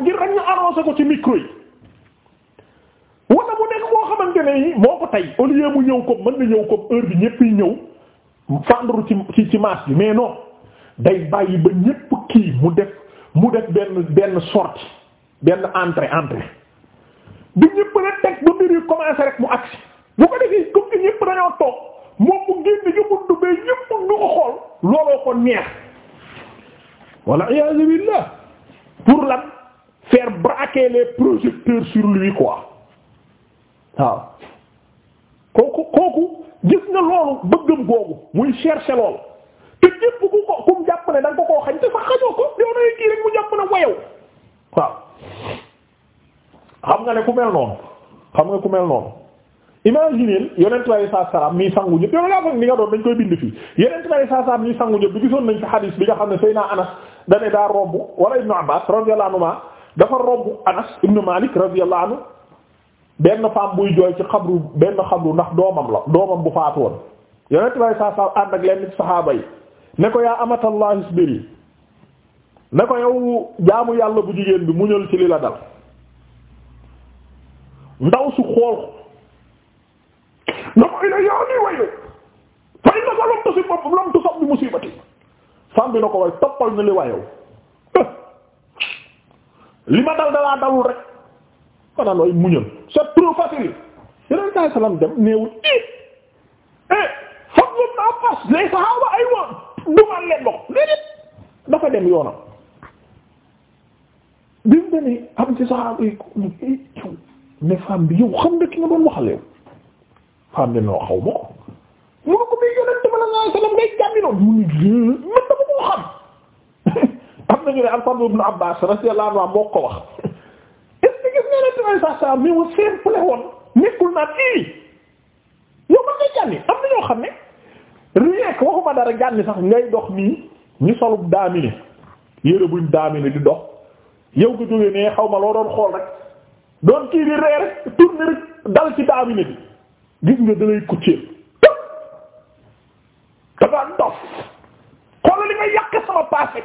ngir rek ñu annoncé ko ci micro yi wala mu nekk koo xamante ne yi moo ko tey au mu ñëw ko mën na ñëw ko heure bi ñëpp yi ñëw fàndaru ci ci ci maas bi mais non day bàyyi ba ñëpp kii mu def mu def benn benn sortie benn entrée entrée bi ñëpp rek teg ba mbir yi commencé rek mu agsi bu ko defee comme que ñëpp dañoo toog moom mu génn ñu mun duggee ñëpp ñu ko xool looloo ko neex walla iyaazu billah pour lan faire braquer les projecteurs sur lui quoi waaw kooku kooku gis na loolu bëggam googu muy chercher lool te képp ku ko ku mu jàpp ne da nga koo xañ te sax xañoo ko yow da kii rek mu jàpp ne woyow waaw xam nga ne ku mel noonu xam nga ku mel noonu imaginez yonent bi alayhi salaam mi sangu ñëpp yow laa ko ni nga dañ koy bind fii yonent bi alayhi salaam mi sangu gisoon nañ ci hadis bi nga xam ne Seydina Anas da ne daa romb wala Ibnu Abbaas radiyallahu anhuma dafa romb Anas ibn Malik radiyallahu anhu benn femme buy jooy ci xabru benn xabru ndax doomam la doomam bu faatu woon yonent bi saa saa ànd ak lenn saxaaba yi ne ko yaa amatallah isbiri ne ko yow jaamu yàlla bu jigéen bi muñal ci li la dal ndaw su xool na ko ila yaa nii wayu fa inna ko lam tusib lam tusab bi musibati femme bi na ko way toppal na li li ma dal dalaa dalul rek mana looy muñal c'est trop facile yeneen taay salam dem néewul i eh! eh foog ñoom naa pas les sahaba ay woon dumaan leen bok léedét dafa dem yoonam bi mu deni eh, am bi yow xam nga ki nga doon waxaleew femme bi noo xaw ma ko mu na ko muy yonente ma la ngay salam ngay jàmmi noonu mu ni man dama xam am nañu ne al-Fadl ibn Abbas radiyallahu anhu moo ko wax est ce gis nga ne tamit sax saa mi wu simple woon nekkul naan ii yow man ngay jànni am na ñoo xam ne rien que waxuma dara jànni sax ngay dox nii ñu solub daamine yére buñ daamine di dox yow nga jógee ne xaw ma loo doon xool rek doon kii di ree rek tourner rek dal ci daamine bi gis nga dalay kucceel da ngaa dox xoolal li nga yàq sama passé.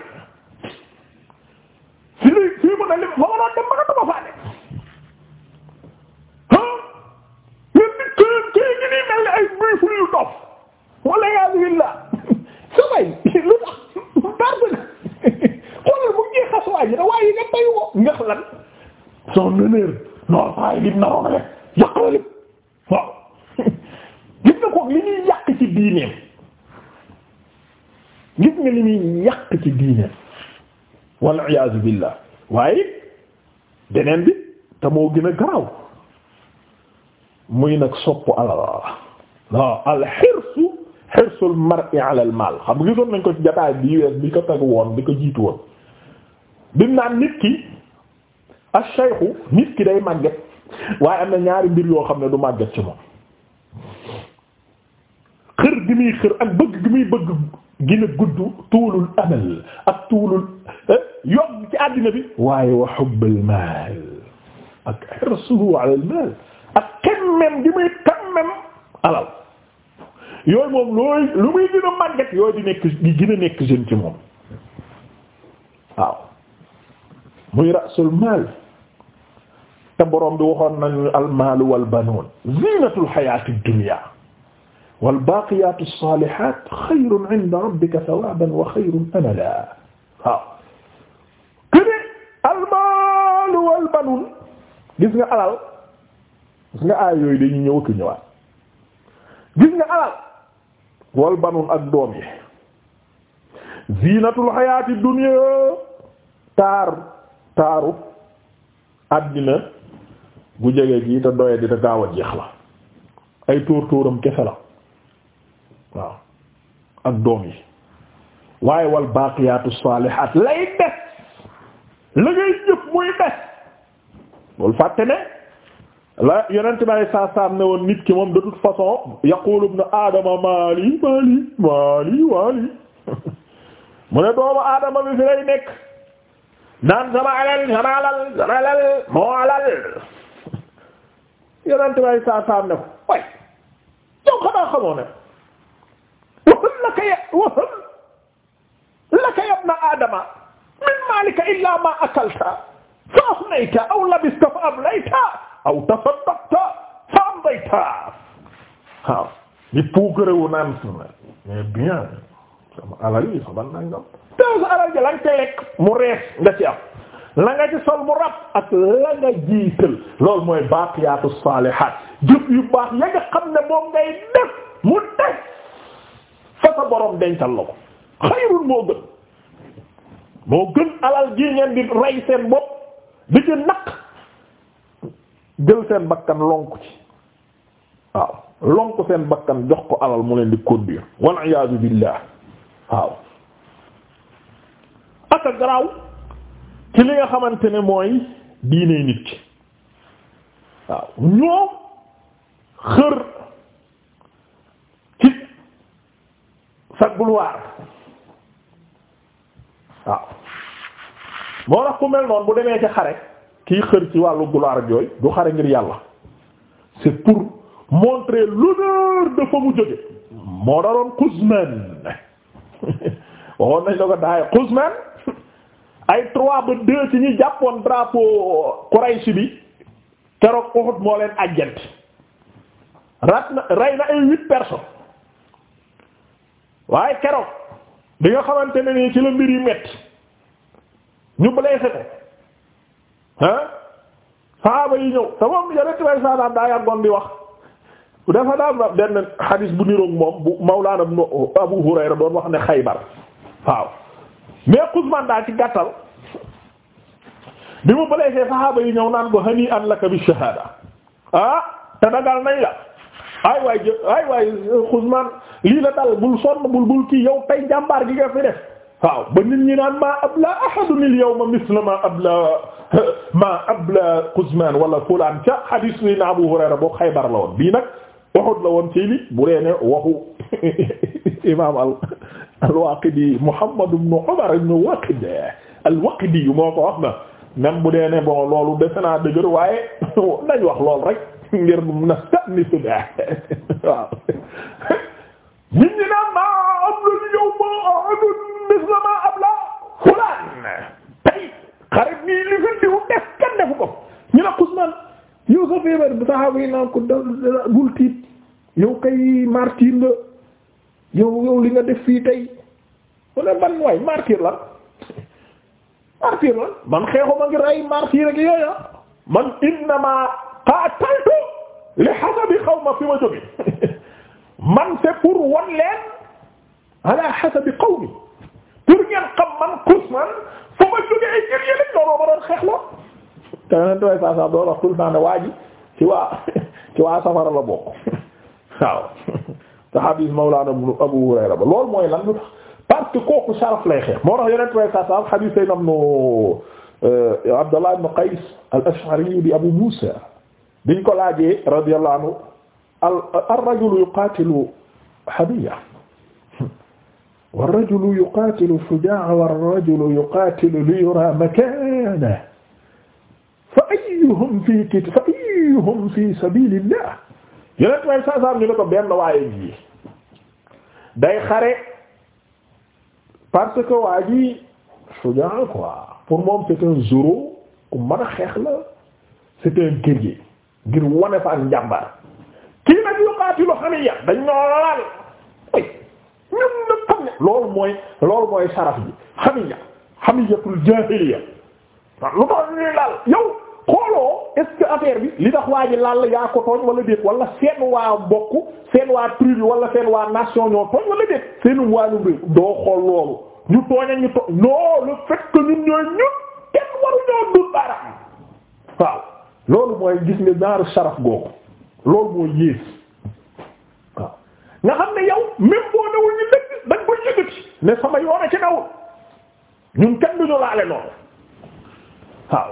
mu ne li ba nga faa dem ah yéen nit kër kër gi nii mel ni ay buy fu lu mu ngi xas waa ji waaye nga bayu ko ngax lan son honneur non waaye lim naroon rek yàq la lépp waaw gis nga ci diineem gis nga li ci diineem wal iyaazu billah waaye beneen bi te moo gën a garaaw muy nag soppu alal waaw al xirsu xirsul mar'i xam nga gisoon nañ ko ci jotaay bii bi ko teg woon bi ko jiitu woon bi naan nit ki al shaykhu nit ki day màgget waaye am na ñaari mbir yoo xam ne du màgget ci moom xër gi muy xër ak bëgg gi muy bëgg gën a gudd tuulul amal ak tuulul eh, yobb ci àddina bi waaye wa hubbul maal ak hirsuhu ala al maal ak kemmem gi muy kemmem alal yooyu moom looy lu muy gën a màgget yooyu di nekk di gën a nekk jeune ci moom waaw muy rasul maal te borom bi waxoon nañu al maal wal banuun ziinatul hayaatid dunya wal baaqiyaatu saalihaat xayrun inda rabbika sawaaban wa xayrun amalan waaw. këne almaalu wal banuun gis nga alal gis nga aay yooyu dañuy ñëw ki ñëwaat gis nga alal wal banuun ak doom yi ziinatul xayaati dunya taar taaru àddina gu jege gi te doye di te gaaw a jeex la ay tóor tóoram kese la. waaw ak doom yi waaye wal baaqiyaatu saalihaat lay des la ngay jëf muy des loolu fàtte ne la yonent bi saa saa ne woon nit ki moom de toute façon yaqulu ibnu aadama maali maali maali maali mu ne doomu aadama bi fi lay nekk naan sama alal sama alal sama alal moo alal yonent bi saa saa ne ko way yow xanaa xamoo ne laka ya waham laka yabna aadama min maalika akalta fa afnayta aw labista fa ablayta aw tasaddaqta fa amdayta waaw li puukarewu alal yi sama nangam teew sa alal ji la nga ca lekk mu rees nga ci am la nga ci sol mu saalihaat jëf yu baax ya nga xam mu def fa boroom borom dencal la ko xayrun moo gën moo gën alal ji ngeen di rey seen bopp di ci naq jël seen bakkan lonk ci waaw lonk seen bakkan jox ko alal mu leen di conduire wal iyaadu billah waaw garaaw ci li nga xamante ne mooy diine nit ki waaw ñoo xër sa gloire waaw moo tax ku mel noonu bu demee ci xare kii xër ci wàllu gloire ak yooyu du xare ngir yàlla c'est pour montrer l'honneur de fa mu jóge moo daroon Quzman waxoon nañ la ko daay Quzman ay trois ba deux ci ñi jàppoon drapeau Quraysh bi keroog Uhud moo leen ajjant rat na rey na ay huit personnes waaye keroog bi nga xamante ne nii ci la mbir yi metti ñu blessé ko ah saaba yi ñëw te moom yonent bay saadam daa yàggoon di wax dafa daam benn xadiis bu niroog moom bu Mawlaana Abu Hurayra doon wax ne Xaybar waaw mais Qusman daal ci gàttal bi mu blessé saaba yi ñëw naan ko hani an laka shahaada ah te dagal nañ la ay waay jë ay waay Qusman lii la dal bul sonn bul bul kii yow tay jàmbaar gi nga fi def waaw ba nit ñi naan maa abla ahadun al yawma misla ma abla ma abla Quzman wala fulaan ca hadis ni na Abu Hurayra boo Xaybar la woon bii nag Uhud la woon ci li bu dee ne waxu imaam al al-Waaqidi Muhammad ibn Umar ibn Waaqid al-Waaqidi moo ko wax na même bu dee ne bon loolu defe naa dëgër waaye nañ wax lool rek ngir na stani suda waaw nit ñi naan maa am la yow maa amoon bés la maa am la fulaan tey xarit nii li fi def ko ñu ne Ousmane yow sa feebar bi saxaaba yi naan ko bul tiit yow kay martyr la yow yow li nga def fii tey mu ne man waay martyr la martyr la man xeexuma ngi rey martyr ak yooya man innama qataltu li hasabi xaw ma fi ma jóge man c'est pour wan leen ala hasabi qawmi pour ngeen xam man Kusman fa ma jógee ay kër yéen a looloo ma doon xeex loo. te yeneen tooy saa saa doon wax tout le temps ne waa ji ci waa ci waa safara la bokk waaw te hadith Mawlana Abu Hurayra ba loolu mooy lan lu tax parce que kooku saraf lay xeex moo tax yeneen tooy saa saa hadith say nam no Abdallah ibn Qays al-Ash'ari di Abu Musa biñ ko laajee radiyallahu anhu al ar-rajulu yuqaatilu hadiya war-rajulu yuqaatilu shujaa'a war-rajulu yuqaatilu liyuraa makaanahu fa ayyuhum fii kit fa ayyuhum fii sabiilillah yeneen way saa saa ñu ne ko benn waaye ji day xare parce que waa ji shujaa quoi pour moom c'est un zoro ku mën a xeex la c'est un guerrier ngir wane fa ak njàmbaar nag yu qaatilu ñun nag xam ne loolu mooy loolu mooy saraf bi hamiya hamiyatul jaahiliya lu tax ñuy laal yow xooloo est affaire bi li tax waa ji laal yaa ko tooñ wala déet wala seen waa mbokk seen waa tribu wala seen waa nation ñoo tooñ wala déet seenum wàllum réew doo xool loolu ñu tooña ñu tooñ non le fait ñooy ñun kenn waru dul baaraam waaw loolu mooy gis nga ñaari saraf googu loolu mooy yées waaw nga xam ne yow même boo newul ñu dëgg dañ koy yëgati ne sama yoona ci nawul ñun kenn duñu laale loolu waaw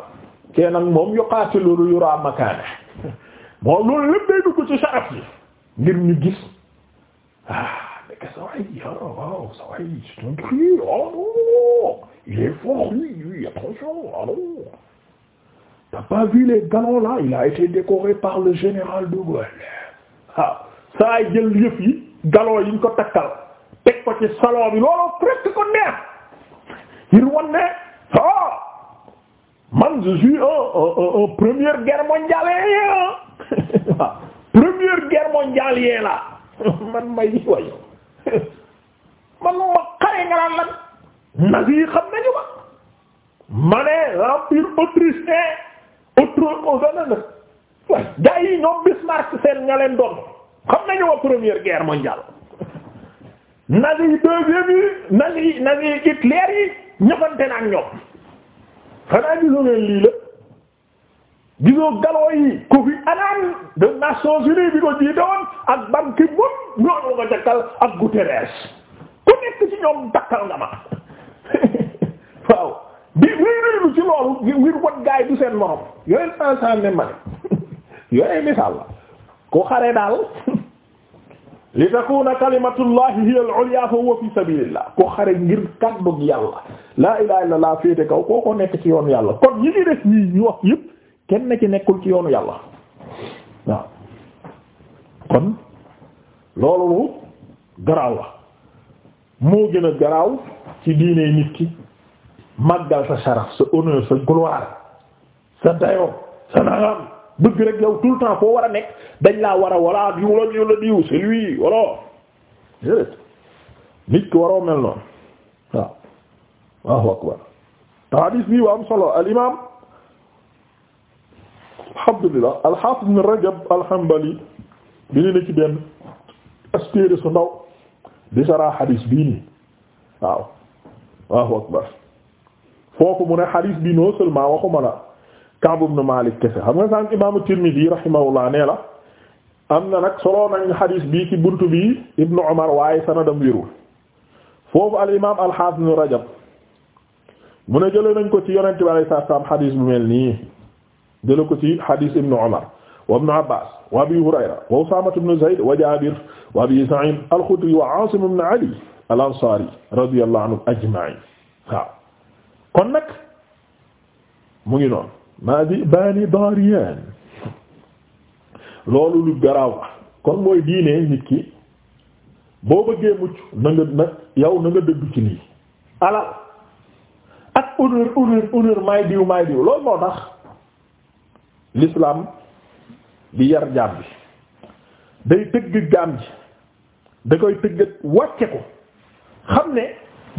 kee nag moom yuqaatilu yura makaane moom loolu lépp day dugg ci saraf ngir ñu gis ah dëgg sa waay waaw sa waay c'est un cri oh non il est t'as pas vu les galons il a été décoré par le général de Gaulle waaw saa yi jël yëf yi galons yi ñu ko takkal teg ko ci salon bi loolu presque ko neex ngir wan ah man je suis un un un première guerre mondiale ah première la man may yi wayo man ma xare nga lan lan nazi yi xam nañu ma ma ne l'empire autrichien autre gana nag way gaa yi ñoom Bismarck seen ña leen doon xam nañu wa première guerre mondiale nazi yi deuxième yi nazi nazi yi Hitler yi ñëfante na ak ñoom xanaa gisoo lii la gisoo galoo yi Kofi Annan de Nations bi ko jiite woon ak Ban Ki-moon ñoonu nga jakkal ak Guterres ku nekk ci ñoom dakkal nga ma waaw bi wii wii ci loolu ngir wat gaay du seen morom yooyu misaal la ku xare daal li takuna kalimatullahi hiya al-ulya fa huwa xare ngir kàddug yàlla laa ilaha illa allah féete kaw koo ko nekk ci yoon yàlla kon ñi ngi def ñii ñu wax yépp kenn ci nekkul ci yoonu yàlla waaw kon loolu garaaw la moo gën a garaaw ci diine nit ki màggal sa sharaf sa honneur sa gloire sa dayoo sa nangam bëgg rek yow tout le foo war a nekk dañ laa war a walla diw la diw la diw c'est lui walla nit ki waroo mel noonu waaw Allahu akbar hadis bi wa am solo al imam alhamdulillah al-Hafiz Rajab al-Hanbali ni ne ci benn astéri su ndaw di saraa hadis bii nii waaw Allahu akbar foofu mu ne xadiis bi non seulement waxuma la Kaab ibn Malik kese xam nga sànq imaamu Tirmidi rahimahullah nee la am na nag solo nañ xadiis bi ci buntu bi Ibnu Umar waaye sanadam wérul foofu al imaam al Haafiz ibn Rajab mu ne jëlee nañ ko ci yonent bi alayhi salaam xadiis bu mel nii jëlee ko ci xadiis Ibnu Umar wa Ibnu Abbaas wa Abii Hurayra wa Usaama ibn Zayd wa Jaabir wa Abii Sa'iid al-Xudri wa Aasim ibn Ali al-Ansaari radiyallahu anhum ajma'iin waaw. kon nag mu ngi noonu maa bi bani dariyaan loolu lu garaaw kon mooy diine nit ki boo bëggee mucc na nag yow na nga ci lii alal ak honneur honneur honneur may diw may diw loolu moo tax l'islam bi yar jaam bi day tëgg jaam ji da koy tëggat wàcce ko xam ne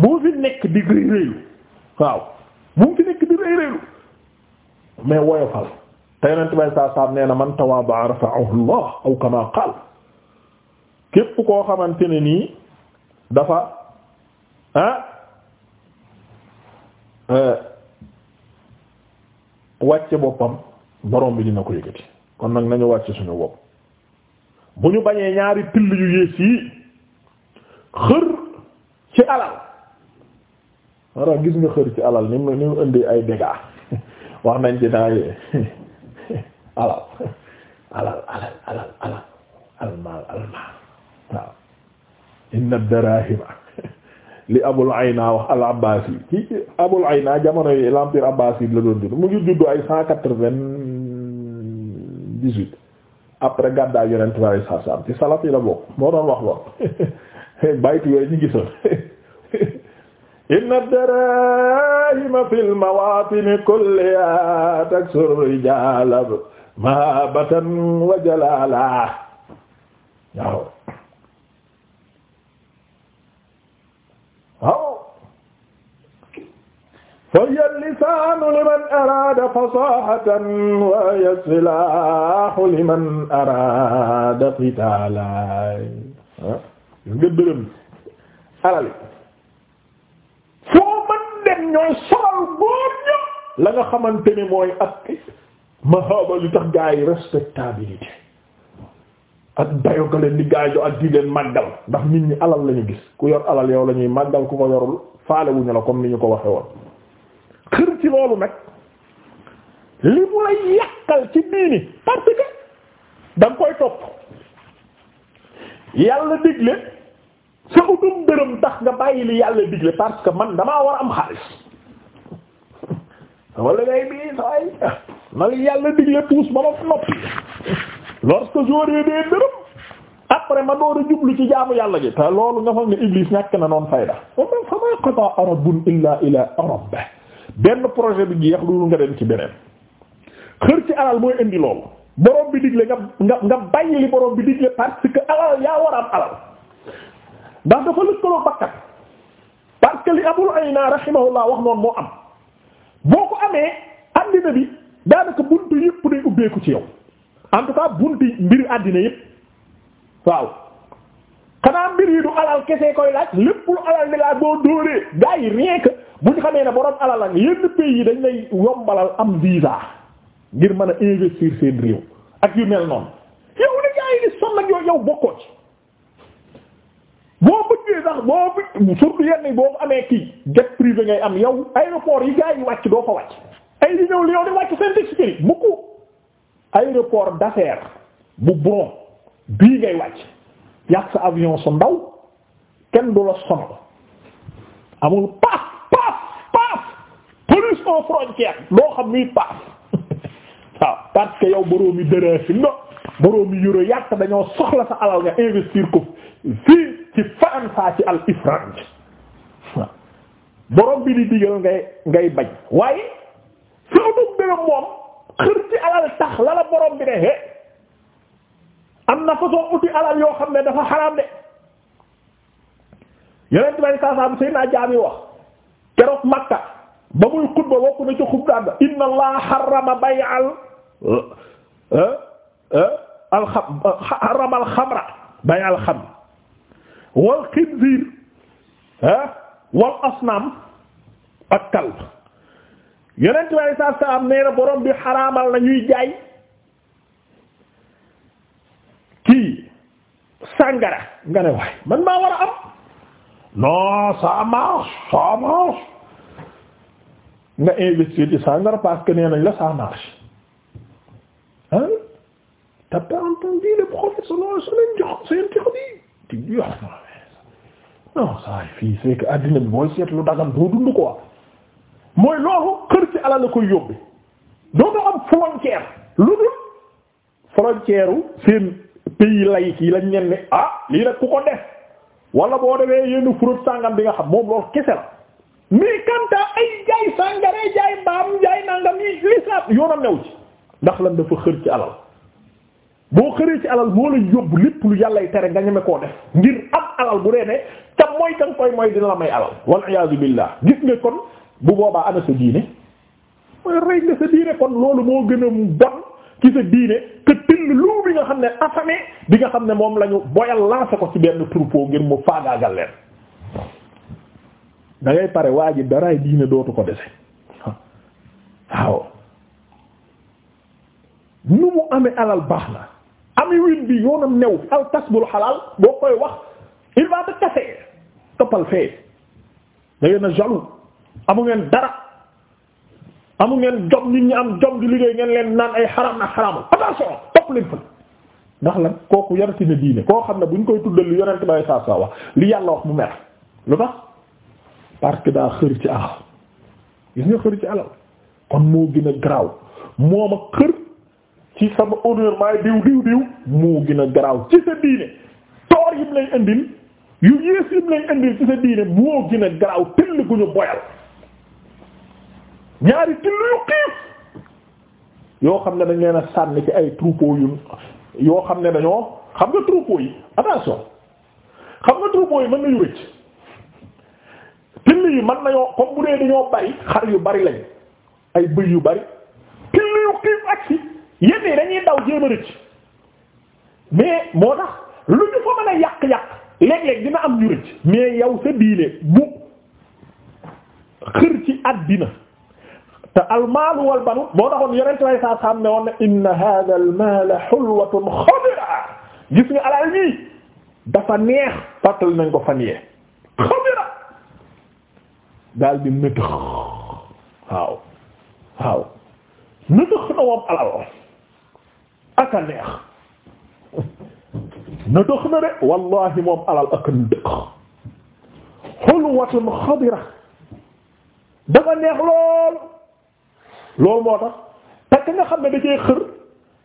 boo fi nekk di rëy waaw mu ngi fi nekk di rëy mais woyofal te yonent bay saa nee na man tawaada rafa'ahu aw kama qaal képp koo xamante ne nii dafa ah euh, wàcce boppam borom bi dina ko yëkkati kon nag nañu wàcce suñu bopp bu ñu bañee ñaari till yu yées yi xër ci alal wara gis nga xër ci alal ni mu ni mu indi ay dégâts wax nañ ci naa yee alal alal alal alal alal almaal almaal waaw inna darahima li abul ayna wax al abbaasi ci abul ayna jamono yi l'empire abbaasi la doon juddu mu ngi juddu ay cent quatre-vingt-dix-huit après gàddaay yonent bari sarsam ci salaf yi la bokk moo doon wax lool baytu yooyu ñu gisoon inna daraahima fil mawaatini kullihaa taksuru rijaala mahabbatan wa jalaala waaw waaw fa hiya lisaanu liman araada fasaahatan wa hiya silaahu liman araada qitaala ñooy solal góor ña la nga xamante ne mooy ak mahaba li tax gaa yi respectabilité ak dayo ga leen di gaajo ak di leen màggal ndax nit ñi alal la gis ku yor alal yow la ñuy màggal ku ko yorul faale wuñu la comme ni ñu ko waxe woon xër ci loolu nag li mu lay ci diini parce que koy topp yàlla digle sa utum dërëm tax nga bàyyi li yàlla digle parce que man damaa war am xaalis wala day bii saa yi na yàlla digle puus ba ma noppi lorsque j'aurai des dërëm après ma door a jublu ci jaamu yàlla gi te loolu nga foog ne Iblis ñàkk na noon fayda wa fa ma qata arabun illa ila arab benn projet bi jeex lu nga dem ci beneen xër ci alal mooy indi loolu borom bi digle nga nga nga bàyyi li borom bi digle parce alal yaa war a am alal ndax dafa lëkkaloo bakkat parce Abul Ayna rahimahullah wax noonu moo am boo ko amee àddina bi daanaka buntu yëpp day ubbeeku ci yow en tout cas mbiri àddina yëpp waaw xanaa mbir yi du alal kese koy laaj lépp alal di laaj boo dóoree gars yi rien bu ñu xamee ne borom alal la yenn pays yi dañ lay yombalal am visa ngir mën a investir seen réew ak yu mel noonu yow ne gars yi di sonn ak yow yow bokkoo ci boo bëggee sax boo surtout yenn boo amee kii jet privé ngay am yow aéroport yi gars yi wàcc doo fa wàcc ay di ñëw li yow di wàcc seen textile bu ko aéroport d'affaires bu Bron bii ngay wàcc yàq sa avion su ndaw kenn du la sonal amul paas paas paas police aux frontières xam ni paas waaw parce que yow boroomi dërësi nga boroomi euro yàq dañoo soxla sa alal nga investir ko ci faransa ci al ifraj borom bi di digal ngay ngay bañ waaye soo dugg dërëm moom xër ci alal tax la borom bi ne he am na façon uti alal yoo xam ne dafa xaraam de yeneen tubaab yi saa saa bu Seydina Jaabir wax keroog Makka ba muy xutba wokk na ci xutba ba inna allah harrama bay'al eh, eh, eh, al xam harrama al xamra bay'al xam wal xinziir ah wal asnaam ak kalb yonent bi alayhi salaatu nee na borom bi xaraamal na ñuy jaay ki sàngara nga ne waay man maa war am non ça marche nga investir ci sàngara parce nee nañ la ça marche hein t'as pas entendu le prophète sallallahu alayhi wasallam jox seen jox bi di jox non saa fii c'est que addina bi booy seet lu dagan doo dund quoi mooy loolu kër ci alal la koy yóbbe doo doo am frontière lu dul frontière seen pays laïc yi lañ ñen ne ah lii rek ku ko def wala boo defee yenn fruit sàngam bi nga xam moom loolu kese la mais kanta ay jaay sàngare jaay baam jaay nangam yi lislaam yoonam new ci ndax lan dafa xër ci alal boo xëree ci alal moo la yóbbu lépp lu yàllay tere nga ñeme koo def ngir am alal bu dee ne te mooy kan koy mooy dina la may alal wal iyaazu billah gis nga kon bu boobaa ana sa diine mooy rey nga sa diine kon loolu moo gën a bon ci sa diine te till lu bi nga xam ne affamé bi xam ne moom lañu boyal lancé ko ci benn troupeau ngir mu faagaagal leen da ngay pare waa ji daraay diine dootu ko dese waaw nu mu amee alal baax na amiwin bi yoonam new al bul xalaal boo koy wax il va te casser toppal fee da ngeen a jaloux ngeen dara amu ngeen jom nit ñi am jom di liggéey ngeen leen naan ay xaram na xaraamul attention topp leen fa ndax lan kooku yarati na diine koo xam ne bu ñu koy tuddal lu yonent bay saa saa wax li yàlla wax mu mer lu tax parce que daa xër ci alal gis nga xër ci alal kon moo gën a garaaw moom ak xër sama honneur maay diw diw diw moo gën a garaaw ci sa diine toor yim lay indil yu yées yim lay indil ci sa diine moo gën a garaaw tëll gu ñu boyal ñaari till yu xiif yoo xam ne dañ leen a sànni ci ay troupeau yu xam ne dañoo xam nga troupeau yi attention xam nga troupeau yi mën nañu rëcc till yi mën nañoo comme bu dee dañoo bari xar yu bari lañ ay bëy yu bari till yu xiif ak si yenn yi dañuy daw jéem a rëcc mais moo tax lu ñu fa mën a yàq-yàq léeg-léeg dina am ñu rëcc mais yow sa diine bu xër ci àddina te almaalu wal banu moo taxoon yonent way saa saam ne woon dafa neex fàttali nañ ko fan yee xadira daal di nëtëx waaw waaw nëtëx na woon alal aka neex na dox na de wallahi moom alal aka ndëq xulwatun xadira dafa neex lool loolu moo tax parce que nga xam ne da cee xër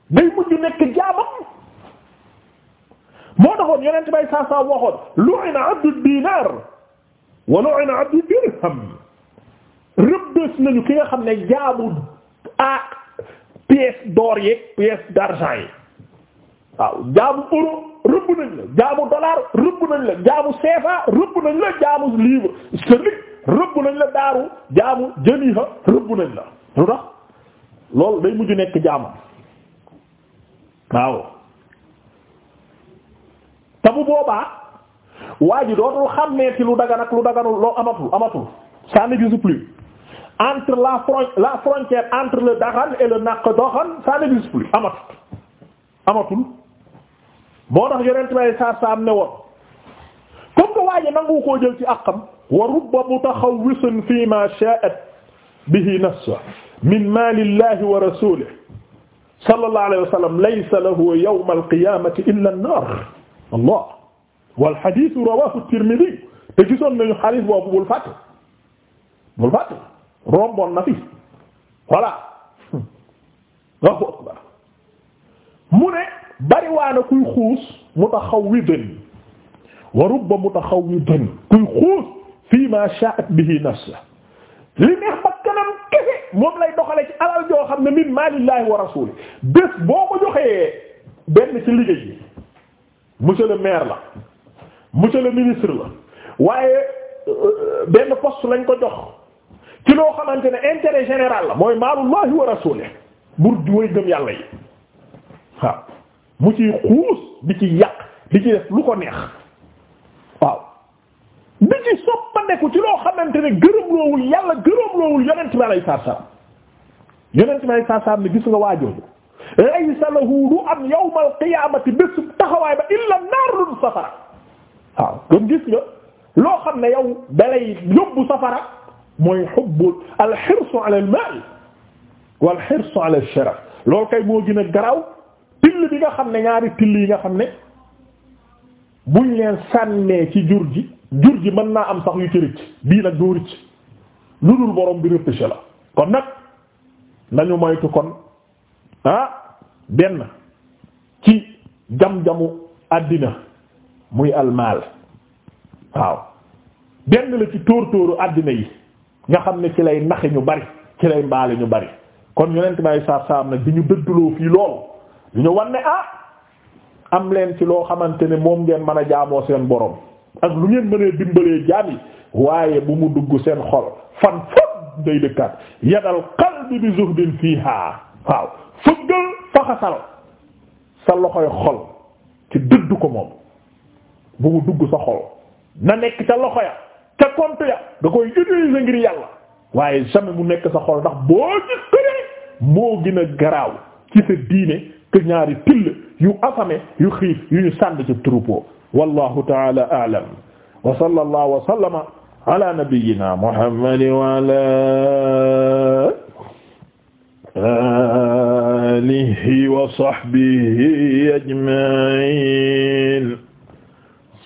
day mujj nekk jaamam moo taxoon yonent bay saa saa waxoon lu'ina abdu dinar wa lu'ina abdu dirham rëbbës nañu ki nga xam ne jaamu ah, pièces door yeeg pièces d'argent yi waaw jaamu euro rëbb nañ la jaamu dollar rëbb nañ la jaamu CFA rëbb nañ la daaru jaamu janiha rëbb nañ la lu tax loolu day mujj nekk jaamam waaw te boobaa waa ji dootul xam ne ci lu dagan ak lu daganul loo amatul amatul ça n'existe plus entre la fron la frontière entre le daxal et le naq doxal ça n'existe plus amatul amatul moo tax yonent bay saar saam ne woon comme que waaye nangu koo jël ci àqam wa rubba mutaxawwisin fi ma sha'at bihi nafsa min malillahi wa rasulihi sallallahu alayhi wa sallam laysa lahu yawma alqiyamati illa an-nar allah wal hadith rawahu at-tirmidhi te gisoon nañu hadith boobu bul fàtte bul fàtte romboon na fi voilà Allahu akbar mu ne bariwaana kuy xuus mutaxawwidun wa rubba mutaxawwidun kuy xuus fii ma sha'at bihi nafsa li neex ba kanam kese moom lay doxale ci alal joo xam ne min maalillaahi wa rasuuli bés boo ko joxee benn ci liggéey bi monsieur le maire la monsieur le ministre la waaye euh, benn poste lañ ko jox ci loo xamante ne intérêt général la mooy maalullahi wa rasulihi bur di way gëm yàlla yi waaw mu ciy xuus di ci yàq di ci def lu ko neex waaw di ci soppandeku ci loo xamante ne gërëm loowul yàlla gërëm loowul yonent bi alay saar saar yonent bi alay saar gis nga waajooju laysa lahu lu am yawmal qiyaamati bés taxawaay ba illa naarun safara waaw kon gis nga loo xam ne yow dalay yóbbu safara mooy xubbu alxirsu ala almaal wal xirsu ala alsharaf loolu kay moo gën a garaaw till bi nga xam ne ñaari till yi nga xam ne buñ leen sànnee ci jur ji jur ji mën naa am sax yu ci rëcc bii nag doo rëcc lu dul borom bi repêché la kon nag nañu ko kon ah benn ci jam-jamu àddina muy almaal waaw benn la ci tóor tóoru àddina yi nga xam ne ci lay naxe ñu bari ci lay mbaale ñu bari kon ñu yonent bay saab saab nag bi ñu dëdduloo fii loolu di ñu wan ah am leen ci loo xamante ne moom ngeen mën a jaamoo seen borom ak lu ngeen mënee dimbalee jaam yi waaye bu mu dugg seen xol fan fëpp day dëkkaat yadal qalbi bi zuhdin fiha waaw fëggal faxasal sa loxoy xol ci dëdd ko moom bu mu dugg sa xol na nekk ca loxo ya te compte ya da koy utiliser ngir yàlla waaye jamais mu nekk sa xol ndax boo gis kënee moo gën a garaaw ci sa diine que ñaari till yu afame yu xiif yu ñu sànni ci troupeau wallahu ta'ala a'lam wa sallallahu wa sallama ala nabiyyina muhammadin wa ala alihi wa sahbihi ajma'in